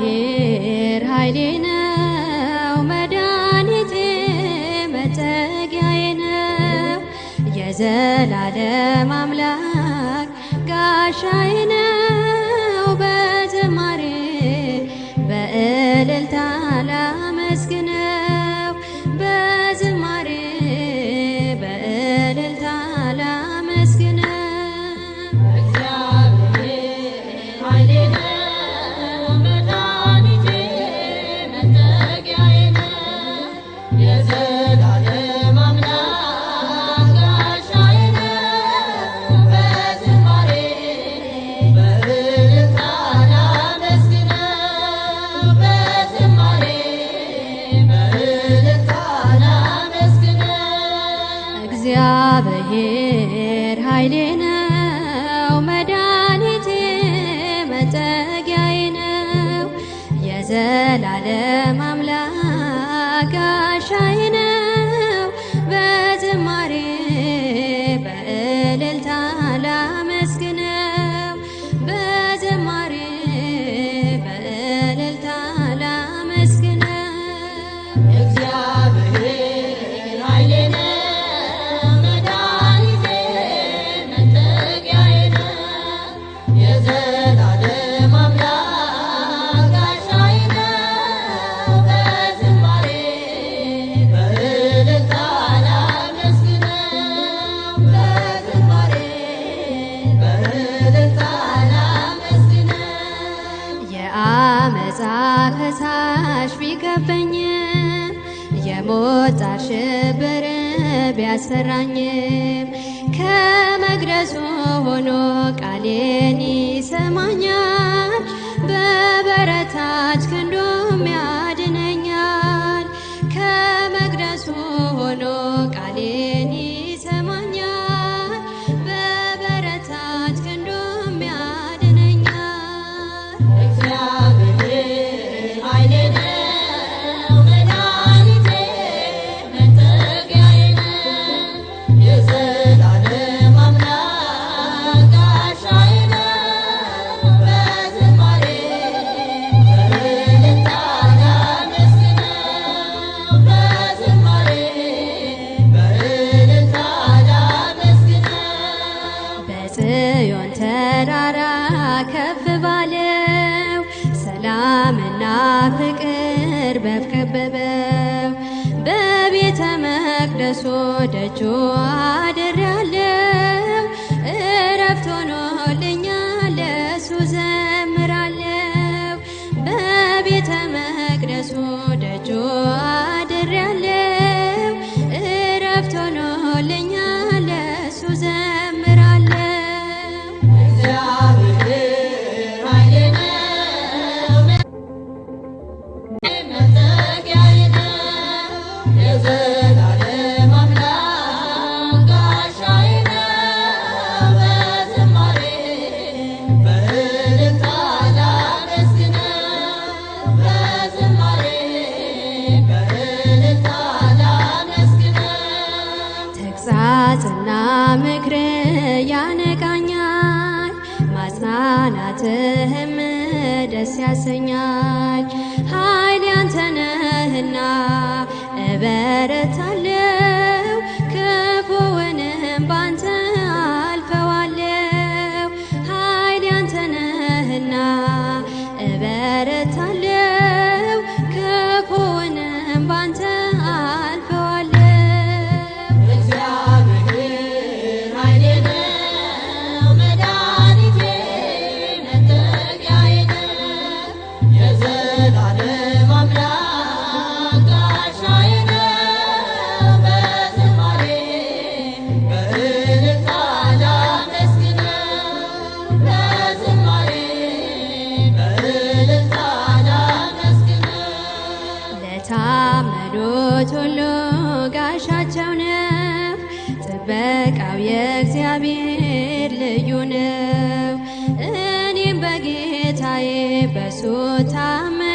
እግዚአብሔር ኃይሌ ነው መድኃኒቴ መጠጊያዬ ነው የዘላለም አምላክ ጋሻዬ ነው በዝማሬ በእልልታ ላመስግነው እግዚአብሔር ኃይሌ ነው መድኃኒቴ መጠጊያዬ ነው የዘላለም አምላክ ጋሻዬ ነው በዝማሬ በእልልታ ላመስግነው በዝማሬ በእልልታ ላመስግነው እግዚአብሔር ቦት አሸበረ ቢያስፈራኝም ከመቅደሱ ሆኖ ቃሌን ይሰማኛል በበረታች ክንዱም ያ እርበብ ከበበው በቤተ መቅደሱ ደጆ አደ ምክር ያነቃኛል፣ ማጽናናትህም ደስ ያሰኛል። ኃይል ያንተ ነህና እበረታለሁ በቶሎ ጋሻቸው ነው። ጥበቃው የእግዚአብሔር ልዩ ነው። እኔም በጌታዬ በሱ ታመ